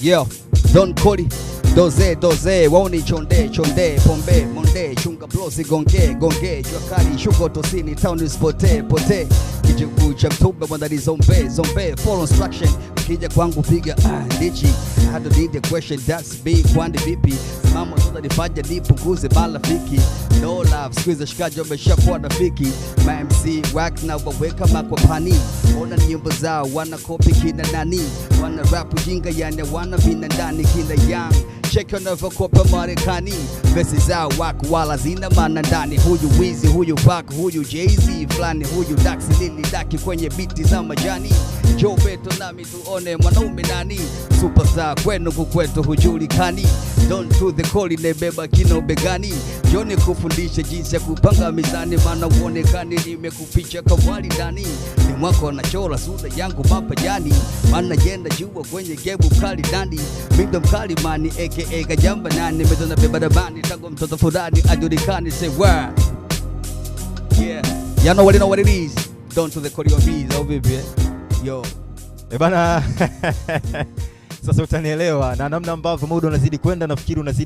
yeah. Don Cody, doze doze wauni chonde chonde pombe monde chunga blosi gonge gonge jua kali shuko tosini town is pote kijikuu cha mtumba mwandani zombe zombe follow instruction ukija kwangu piga ah, ndichi uh, I need the question that's be kwani vipi mama tutalifanya nipunguze marafiki no love squeeze shikaji wameshakuwa rafiki ma MC wax na waweka makwapani ona nyimbo zao wana kopi kina nani wana rap ujinga yani wana vina ndani kina young cheki wanavyokopa Marekani, vesi zao wako wala zina maana ndani. Huyu wizi huyu bak huyu jay fulani, huyu daksi lili daki kwenye biti za majani. Joe nami tuone tuone mwanaume nani super saa kwenu kukwetu hujulikani don to the call inebeba kino begani Joni kufundisha jinsi ya kupanga mizani, maana uonekani nimekuficha kawali ndani ni mwako nachora sura yangu jani mana jenda jua kwenye gebu kali ndani mindo mkali mani aka kajamba nani medona bebadabani tango mtoto fulani ajulikani say where yeah you know what you know what it is don't to the choreography oh baby yo E bana sasa utanielewa na namna ambavyo muda unazidi kwenda, nafikiri unazidi